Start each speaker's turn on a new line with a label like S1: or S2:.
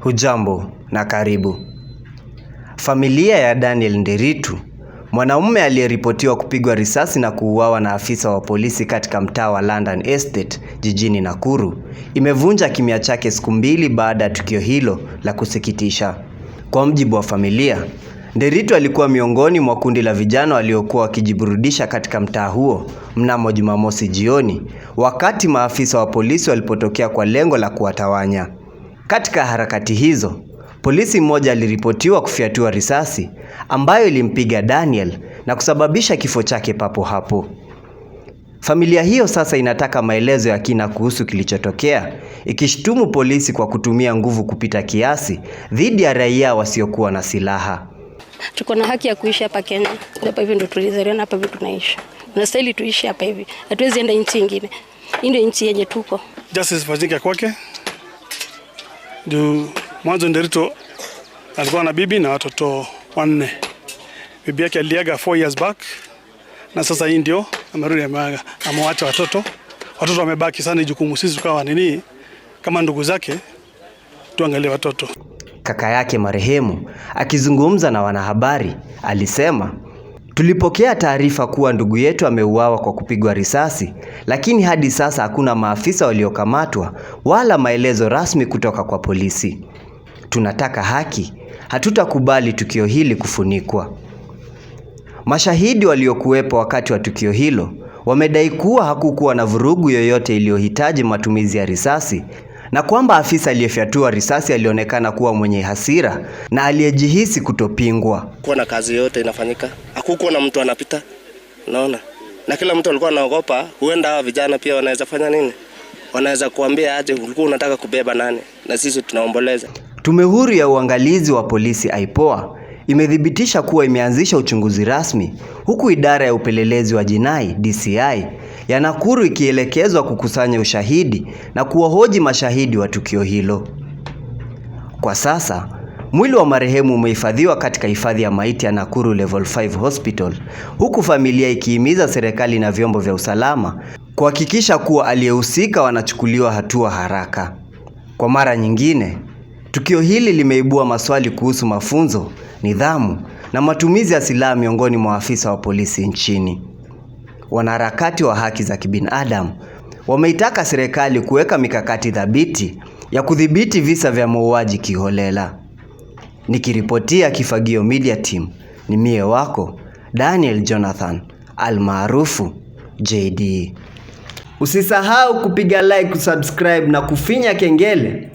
S1: Hujambo na karibu. Familia ya Daniel Nderitu, mwanaume aliyeripotiwa kupigwa risasi na kuuawa na afisa wa polisi katika mtaa wa London Estate jijini Nakuru, imevunja kimya chake siku mbili baada ya tukio hilo la kusikitisha. Kwa mjibu wa familia, Nderitu alikuwa miongoni mwa kundi la vijana waliokuwa wakijiburudisha katika mtaa huo mnamo Jumamosi jioni, wakati maafisa wa polisi walipotokea kwa lengo la kuwatawanya. Katika harakati hizo, polisi mmoja aliripotiwa kufyatua risasi ambayo ilimpiga Daniel na kusababisha kifo chake papo hapo. Familia hiyo sasa inataka maelezo ya kina kuhusu kilichotokea, ikishtumu polisi kwa kutumia nguvu kupita kiasi dhidi ya raia wasiokuwa na silaha.
S2: Tuko na haki ya kuishi hapa Kenya. Hapa hivi ndo tulizaliana, hapa hivi tunaishi. Tunastahili tuishi hapa hivi. Hatuwezi enda nchi nyingine. Hii ndio nchi yenye tuko.
S3: Justice ifanyike kwake juu mwanzo nderito alikuwa na bibi na watoto wanne. Bibi yake aliaga 4 years back, na sasa hii ndio amerudi, ameaga, amewacha watoto. Watoto wamebaki sana, jukumu sisi tukawa nini kama ndugu zake tuangalie watoto.
S1: Kaka yake marehemu akizungumza na wanahabari alisema Tulipokea taarifa kuwa ndugu yetu ameuawa kwa kupigwa risasi, lakini hadi sasa hakuna maafisa waliokamatwa wala maelezo rasmi kutoka kwa polisi. Tunataka haki, hatutakubali tukio hili kufunikwa. Mashahidi waliokuwepo wakati wa tukio hilo wamedai kuwa hakukuwa na vurugu yoyote iliyohitaji matumizi ya risasi na kwamba afisa aliyefyatua risasi alionekana kuwa mwenye hasira na aliyejihisi kutopingwa.
S4: Kuwa na kazi yote inafanyika hakukuwa na mtu anapita, naona na kila mtu alikuwa anaogopa, huenda hawa vijana pia wanaweza fanya nini, wanaweza kuambia aje, ulikuwa unataka kubeba nani? Na sisi tunaomboleza.
S1: Tume huru ya uangalizi wa polisi IPOA imethibitisha kuwa imeanzisha uchunguzi rasmi huku idara ya upelelezi wa jinai DCI ya Nakuru ikielekezwa kukusanya ushahidi na kuwahoji mashahidi wa tukio hilo. Kwa sasa Mwili wa marehemu umehifadhiwa katika hifadhi ya maiti ya Nakuru Level 5 Hospital, huku familia ikihimiza serikali na vyombo vya usalama kuhakikisha kuwa aliyehusika wanachukuliwa hatua haraka. Kwa mara nyingine, tukio hili limeibua maswali kuhusu mafunzo, nidhamu na matumizi ya silaha miongoni mwa afisa wa polisi nchini. Wanaharakati wa haki za kibinadamu wameitaka serikali kuweka mikakati thabiti ya kudhibiti visa vya mauaji kiholela nikiripotia Kifagio Media Team. Ni mie wako Daniel Jonathan almaarufu JD. E. Usisahau kupiga like, kusubscribe na kufinya kengele